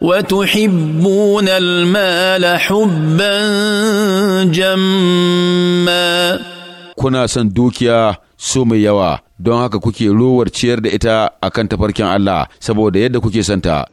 وتحبون المال حبا جما kuna son dukiya su mai yawa don haka kuke rowar ciyar da ita akan tafarkin Allah saboda yadda kuke son ta.